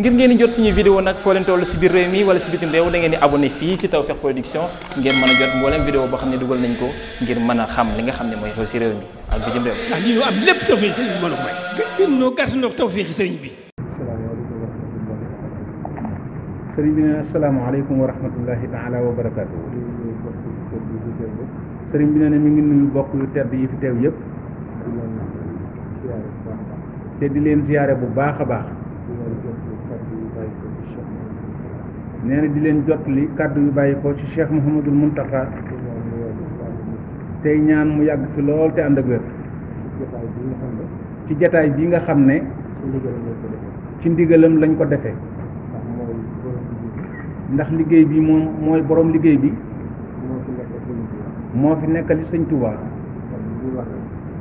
ngir ngeen di jot suñu vidéo nag foo leen toll si biir réew mi wala si bitim réew da ngeen di abonné fii si Tawfekh Production ngeen mën a jot mboolem vidéo boo xam ne dugal nañ ko ngir mën a xam li nga xam ne mooy xew si réew mi ak bitim réew. ndax lii ñu am lépp Tawfekh sëriñ bi mën a may. gën noo gàtt noo Tawfekh bi. salaamaaleykum sëriñ bi nee na salaamaaleykum wa rahmatullahi taala wa barakaatu. sëriñ bi nee na mi ngi nuyu bokk yu tedd yi fi teew yëpp. te di leen ziyaare bu baax a baax. nee di leen jot li kàddu yu bàyyi ko ci cheikh Mouhamadul Mountakha tey ñaan mu yàgg fi lool te ànd ci jataay bii nga xam ne ci ndigalam lañ ko defe ndax liggéey bi moom mooy borom liggéey bi moo fi nekkali sëñ Touba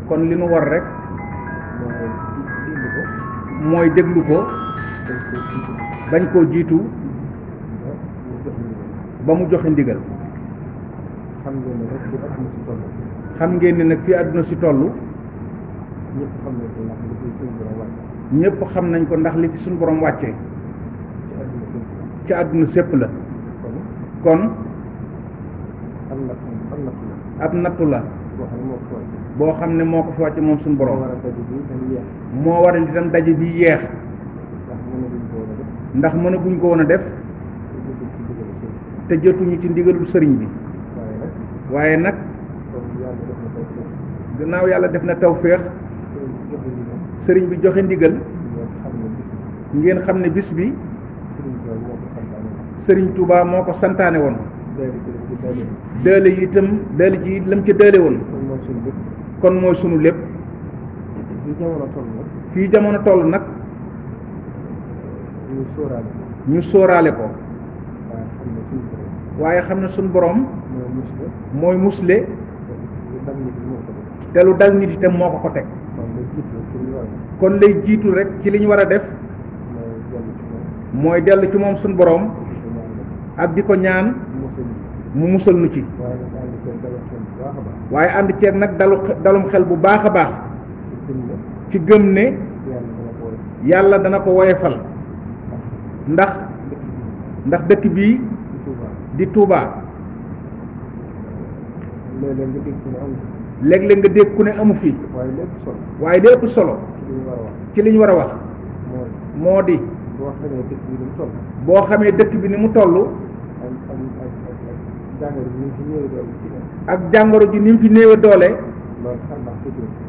kon li nu war rek mooy déglu ko bañ koo jiitu ba mu joxe ndigal xam ngeen ne nag fii àdduna si toll ñëpp xam nañ ko ndax li fi suñu borom wàcce ci àdduna sépp la kon ab nattu la boo xam ne moo ko fi wàcce moom suñu borom moo waral itam daje bi yeex ndax mënaguñ ko woon a def te jotuñu ci ndigalul sëriñ bi waaye nag gannaaw yàlla def na tawféex sëriñ bi joxe ndigal ngeen xam ne bis bi sëriñ Touba moo ko santaane woon dële yi itam dële ji lam ca dële woon kon mooy sunu lépp fii jamono toll nag ñu sóoraale ko waaye xam ne suñ boroom mooy musle te lu dal nit itam moo ko ko teg kon lay jiitu rek ci li ñu war a def mooy dellu ci moom suñ boroom ak di ko ñaan mu musal nu ci waaye ànd ceeg nag dalu dalum xel bu baax a baax ci gëm ne yàlla dana ko woyefal ndax ndax dëkk bii di Touba léeg-léeg nga dégg ku ne amu fi léeg-léeg nga ku ne amu fi waaye lépp solo waaye lépp solo ci li war a wax moo di boo xamee dëkk bi ni mu toll boo xamee ak jàngoro ji ni mu fi néewe doole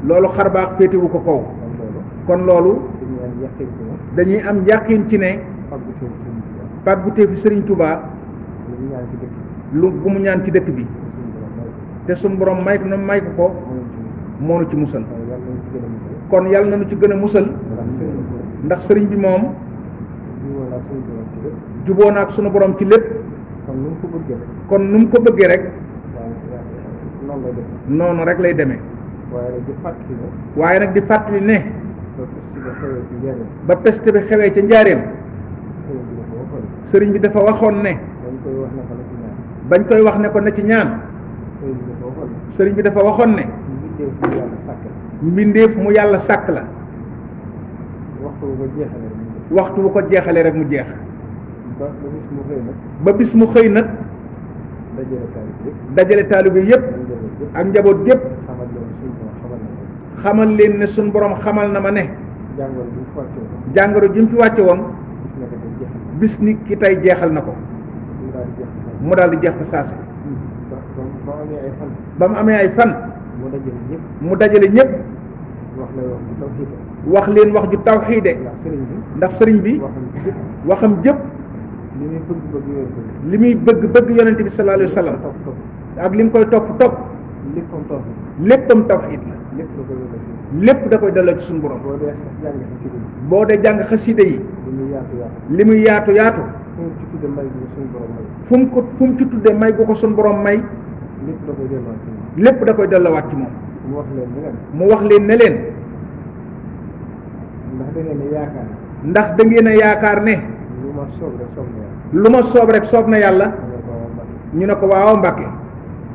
loolu xar baax féetewu ko kaw kon loolu dañuy am yàqin ci ne pàggute fi Sëriñ Tuubaa lu bu ñaan ci dëkk bi te suñu borom may na may ko ko moonu ci musal kon yàlla na nu ci gën a musal ndax sëriñ bi moom juboo na ak sunu borom ci lépp kon nu mu ko bëggee rek noonu rek lay demee waaye nag di fàttali ne ba peste bi xewee ca njaareem sëriñ bi dafa waxoon ne koy wax koy wax ne ko na ci ñaan. sëriñ bi dafa waxoon ne. mbindeef mu yàlla sàkk la. mbindeef mu waxtu bu ko jeexalee rek mu jeex. waxtu bu ba bis mu xëy nag. ba bis mu xëy dajale taalibe yëpp. ak njaboot yépp xamal leen ne suñ borom xamal na ma ne. jàngoro ji mu fi wàcce woon. bis ni ki tey jeexal na ko. mu daal di jeex fa saasi. ba mu amee ay fan. ba mu amee ay fan. mu dajale ñëpp. mu dajale ñëpp. wax leen wax ju tawxiide. wax leen wax ju tawxiide. ndax sëriñ bi. ndax sëriñ bi waxam jëpp. li muy bëgg bëgg yonent bi. li muy bëgg bëgg yonent bi sallallahu alayhi wa ak li mu koy topp topp. léppam tawxiid. léppam tawxiid la. lépp da koy delloo ci suñu borom. boo dee jàng xasida yi. li muy li muy yaatu yaatu. tudde may gu ko suñu fu mu ko fu mu ci tuddee may gu ko suñu boroom may. lépp da koy delluwaat ci moom. lépp da koy delluwaat ci mu wax leen ne leen. mu wax leen ne leen. ndax da ngeen yaakaar. ne. lu ma soob rek soob na yàlla. soob rek soob na yàlla. ñu ne ko waaw Mbàkke.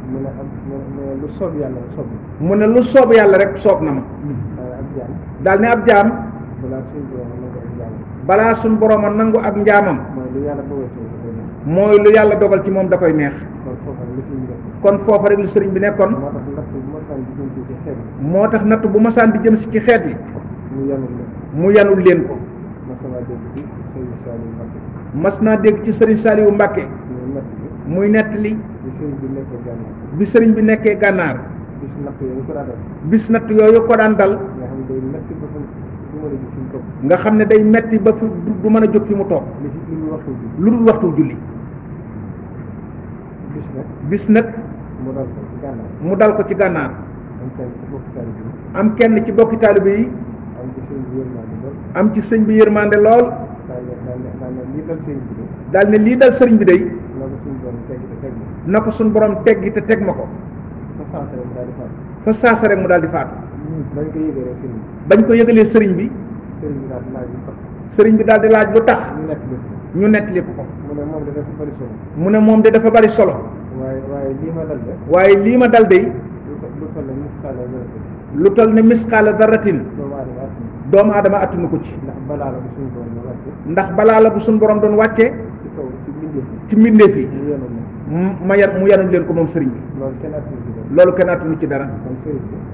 mu ne am lu soob yàlla rek soob na. soob yàlla rek soob na ma. daal ne ab jaam. balaa suñu borom a nangu ak njaamam. mooy lu yàlla dogal ci moom da koy neex kon foofa rek lu sëriñ bi nekkoon moo tax natt bu masaan di jëm si ci xeet yi mu yanul leen ko mas naa dégg ci sëriñ Saliou Mbàkke muy nettali bi sëriñ bi nekkee gànnaar bis natt yooyu ko daan dal nga xam ne day metti ba fu du mën a jóg fi mu toog lu dul waxtu julli bis nag mu dal ko ci gànnaar am kenn ci bokki taalibe yi am ci sëñ bi yërmande lool daal ne lii dal sëriñ bi day na ko suñ borom teggi te teg ma ko fa saasa mu daal di faatu bañ ko yëgalee sëriñ bi sëriñ bi daal di laaj lu tax ñu nettali ko ko. mu ne moom de dafa bari solo. mu ne moom de dafa bari solo. waaye waaye lii ma dal waaye lii ma dal de. lu toll ne misqaala daratin. lu toll ne misqaala daratin. doomu aadama attunu ko ci. ndax balaa la bu suñu borom doon wàcce. ndax balaa la bu suñu borom doon wàcce. ci kaw ci mbindeef yi. ma mu yanul leen ko moom sëriñ bi. loolu kenn attunu ci dara.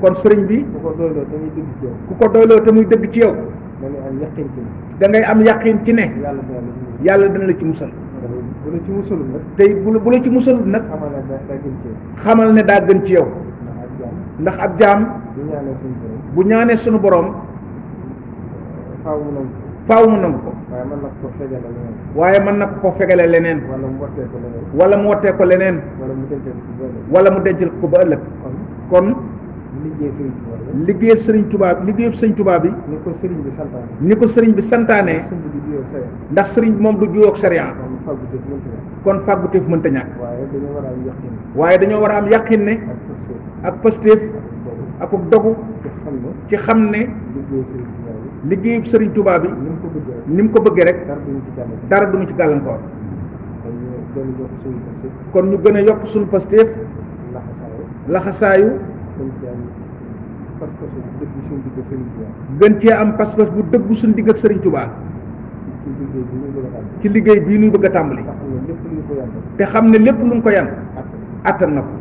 kon sëriñ bi. ku ko doyloo te muy dëgg ci yow. ku ko doyloo te ci yow. da ngay am yàqin ci ne. yàlla dana la ci musal. bu la ci musalul nag. tey bu la bu la ci musalul nag. xamal ne daa gën ci yow. ndax ab jaam. bu ñaanee suñu borom. faw mu nangu mu nangu ko. waaye mën na ko fegale leneen. wala mu ko leneen. wala mu wattee ko leneen. wala mu dencal ko ba ëllëg. kon. liggéey sëriñ tubaab liggéey sëriñ tubaab bi. ni ko sëriñ bi santaane. ko sëriñ bi santaane. ndax sëriñ bi moom du juyoo ak sariya. kon fàgguteef mënta ñàkk. waaye dañoo war a am yàqin ne. ak pësteef ak dogu. ci xam ne. liggéey sëriñ tubaab bi. ni mu ko bëggee rek. dara du mu ci gàllankoor. kon ñu gën a yokk suñu pësteef. laxasaayu. gën cee am pas-pas bu dëgg suñu digg ak sëriñ Tuubaa ci liggéey bii nuy bëgg a tàmbali te xam ne lépp lu mu ko yan attan na ko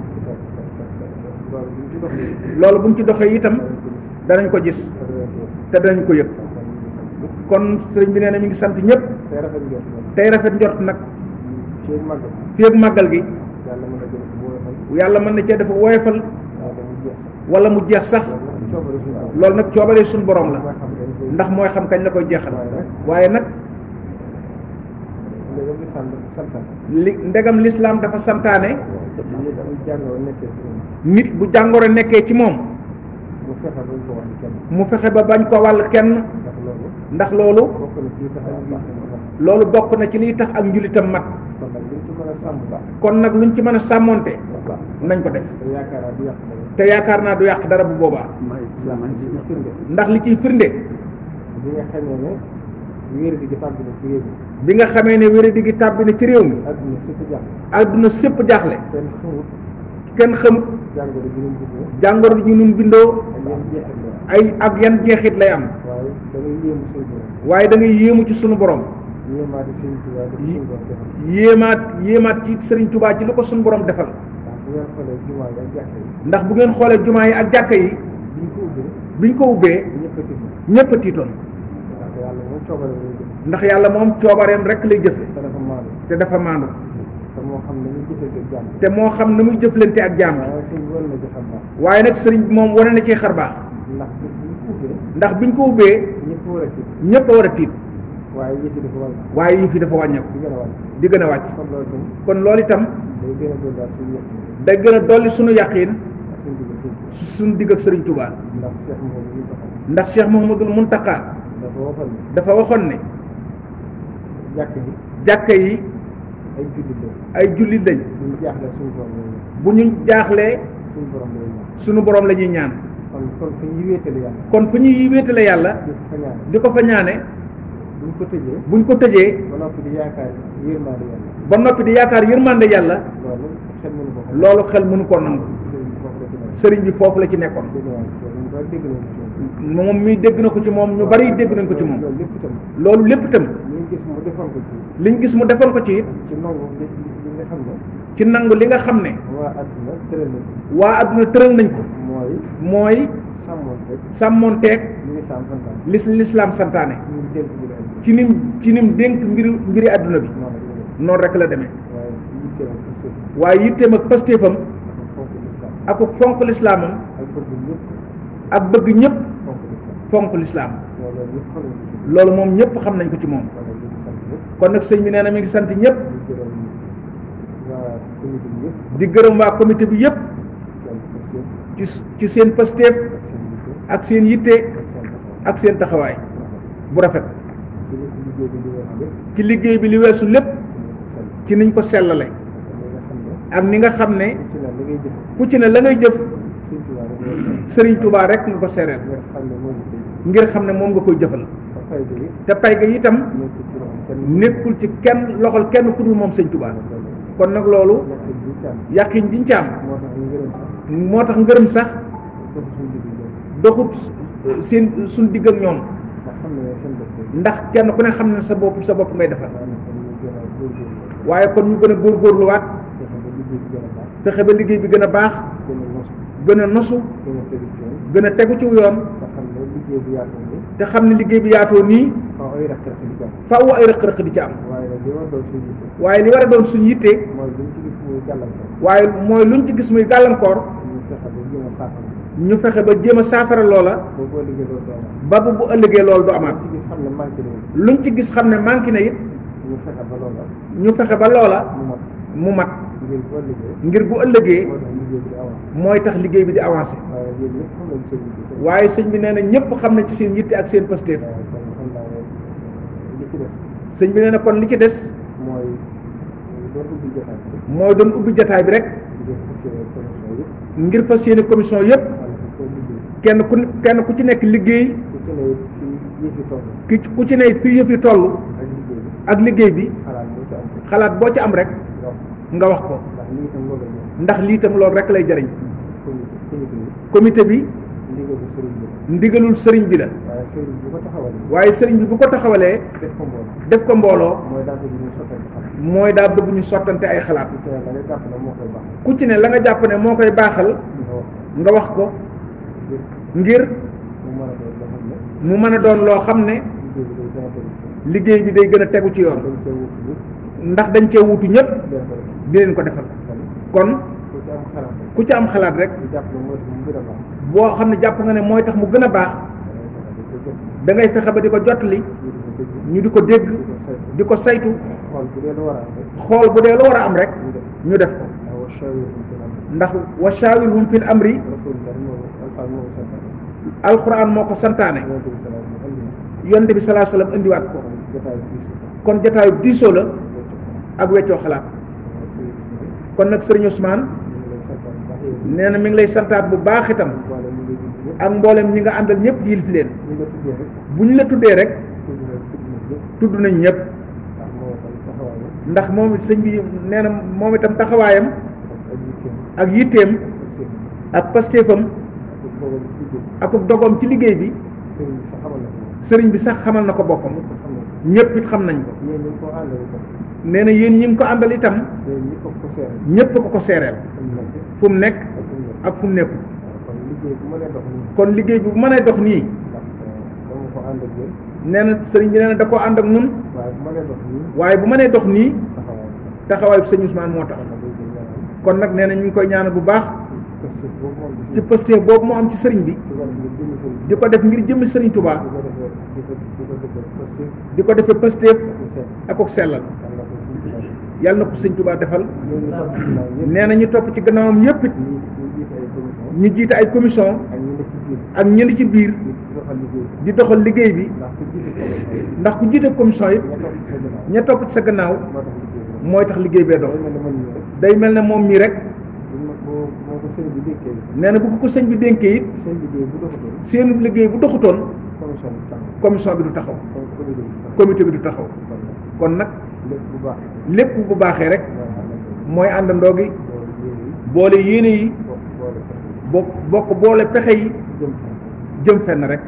loolu bu mu ci doxee itam danañ ko gis te danañ ko yëg kon sëriñ bi nee na mi ngi sant ñëpp tey rafet njort nag fii ak màggal gi yàlla mën na cee dafa woyofal wala mu jeex sax loolu nag coobare suñu borom la ndax mooy xam kañ la koy jeexal waaye nag li ndegam lislaam dafa santaane nit bu jàngoro nekkee ci moom mu fexe ba bañ ko wàll kenn ndax loolu loolu bokk na ci liy tax ak njulitam mat kon nag luñ ci mën a sàmmoonte nañ ko def te yaakaar naa du yàq dara bu boobaa ndax li ciy firnde bi nga xamee ne wéradi gi tàbbi na ci réew mi bi nga xamee ne wéradi gi tàbbi na ci réew mi adduna sépp jaaxle kenn xamut jàngoro ji nun bindoo ay ak yan jeexit lay am waaye da ngay yéemu ci sunu borom yéemaat yéemaat ci Sëriñ tubaab ci lu ko sunu borom defal ndax bu ngeen xoolee jumaa yi ak jàkka yi biñ ko ubbee ñëpp a tiitoon ndax yàlla moom coobareem rek lay jëfe te dafa maandu te moo xam ne muy jëflante ak jaam waaye nag sëriñ bi moom wane na ci xar baax ndax biñ ko ubbee ñëpp a war a tiit waaye yëf yi dafa wàññeeku di gën a wàcc kon loolu itam day gën a dolli suñu yàqiin suñu digg ak sëriñ Touba ndax moom Cheikh Mouhamadul Mountakha dafa waxoon ne jàkka yi ay jullit lañ bu ñu jaaxlee suñu borom la ñuy ñaan kon fu ñuy wéetale yàlla di ko fa ñaane buñ ko tëjee buñ ko tëjee. ba noppi di yaakaar yërmande yàlla. ba noppi di yaakaar yërmande yàlla. loolu xel mënu ko nangu. sëriñ bi foofu la ci nekkoon. moom mii dégg na ko ci moom ñu bari dégg nañ ko ci moom. loolu lépp itam. liñ gis mu defoon ko ci it. ci nangu li nga xam ne. waa adduna tëral nañ ko. mooy. sàmmoon teeg. sàmmoon teeg. lislaam santaane. ci nim ci nim dénk mbiri mbiri àdduna bi noonu rek la demee waaye yitteem ak pastéefam ak fonk lislaamam ak bëgg ñëpp fonk lislaam loolu moom ñëpp xam nañ ko ci moom kon nag sëñ bi nee na mi ngi sant ñëpp di gërëm waa comité bi yëpp ci ci seen pastéef ak seen yitte ak seen taxawaay bu rafet ci liggéey bi li weesu lépp ci niñ ko sellale ak ni nga xam ne ku ci na la ngay jëf sëriñ Touba rekk nga ko sereel ngir xam ne moom nga koy jëfal te pay ga itam nekkul ci kenn loxol kenn ku moom sëñ Touba kon nag loolu yàqin jiñ ci am moo tax ngërëm sax doxut seen suñ digg ak ñoom ndax kenn ku ne xam ne sa bopp sa bopp ngay defar waaye kon ñu gën a góorgóorluwaat fexe ba liggéey bi gën a baax gën a nosu gën a tegu ci yoon te xam ne liggéey bi yaatoo nii faaw ay rëq-rëq di ci am waaye li war a doon suñu yitte waaye mooy ñu ci gis muy gàllankoor ñu fexe ba jéem a saafara loola ba bu ëllëgee lool du amaat ñu ci gis xam ne manqué na it ñu fexe ba loola mu mat ngir bu ëllëgee mooy tax liggéey bi di avancé waaye sëñ bi nee na ñëpp xam ne ci seen yitte ak seen pastéef sëñ bi nee na kon li ci des mooy doon ubbi jataay bi rek ngir fas yéene commission yëpp kenn ku kenn ku ci nekk liggéey ki ku ci ne fi yëf yi toll ak liggéey bi xalaat boo ci am rek nga wax ko ndax lii tam loolu rek lay jariñ comité bi ndigalul sëriñ bi la waaye sëriñ bi bu ko taxawalee def ko mbooloo mooy daa bëgg ñu sottante ay xalaat ku ci ne la nga jàpp ne moo koy baaxal nga wax ko ngir mu mën a doon loo xam ne liggéey bi day gën a tegu ci yoon ndax dañ cee wutu ñëpp di leen ko defal kon ku ci am xalaat rek boo xam ne jàpp nga ne mooy tax mu gën a baax da ngay fexe ba di ko jottali ñu di ko dégg di ko saytu xool bu dee lu war a am rek ñu def ko ndax wa shaawirhum fil amri alxuraan moo ko santaane yonte bi salaa salaam indiwaat ko kon jataayu diisoo la ak weccoo xalaat kon nag sëriñ Ousmane nee na mi ngi lay santaat bu baax itam ak mboolem ñi nga àndal ñëpp yilif leen bu ñu la tuddee rek tudd nañ ñëpp ndax moom it sëñ bi nee na moom itam taxawaayam ak yitteem ak pastéefam akub dogoom ci liggéey bi sëriñ bi sax xamal na ko boppam ñëpp it xam nañ ko nee na yéen ñi ngi ko àndal itam ñëpp ko ko seereel fu mu nekk ak fu mu nekkul kon liggéey bi bu mënee dox nii eh, nee na sëriñ bi nee na da koo ànd ak nun waaye bu mënee dox nii taxawaayu sëñ Ousmane moo tax kon nag nee na ñu ngi koy ñaan bu baax ci pëste boobu moo am ci sëriñ bi di ko def ngir jëmmi sëriñ Touba di ko defee pësteef ak ak sellal yàlla na ko tubaa defal nee na ñu topp ci gannaawam yépp it ñu jiite ay commission ak ñenn ci biir di doxal liggéey bi ndax ku jiite commission yi ña topp ci sa gannaaw mooy tax liggéey bee dox day mel ne moom mii rek nee na bu ko sëñ bi dénkee it. seen liggéey bu doxutoon. commission bi du taxaw. comité bi du taxaw. kon nag lépp bu baaxee rek mooy àndandoo gi boole yéene yi bo bokk boole pexe yi jëm fenn rek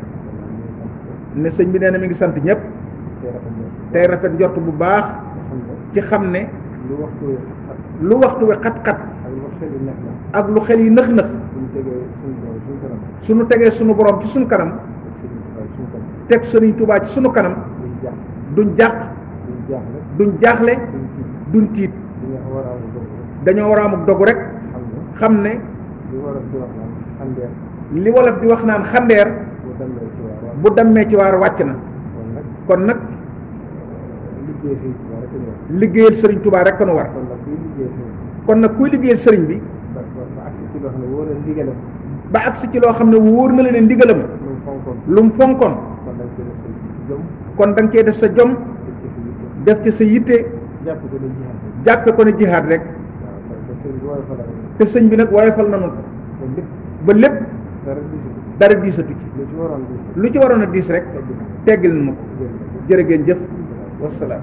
ne sëñ bi nee na mi ngi sant ñëpp tey rafet njort bu baax ci xam ne lu waxtu wi xat-xat ak lu xel yi nëx nëx suñu tegee suñu borom ci suñu kanam teg sëriñ Tuubaa ci suñu kanam duñ jàq duñ jaaxle duñ tiit dañoo war a am dogu rek xam ne li wolof di wax naan xandeer bu demee ci waar wàcc na kon nag liggéeyal sëriñ Tuubaa rek a nu war kon nag kuy liggéey sëriñ bi. ba agsi ci loo xam ne wóor na la ne ndigalam. lu mu fonkoon. kon da nga cee def sa jom. def ci sa yitte. jàppe ko ne jihaad rek. te sëñ bi nag na nañu ko. ba lépp. dara diisatu ci. lu ci waroon a diis rek. teggil na ma ko. jërë ngeen jëf wasalaam.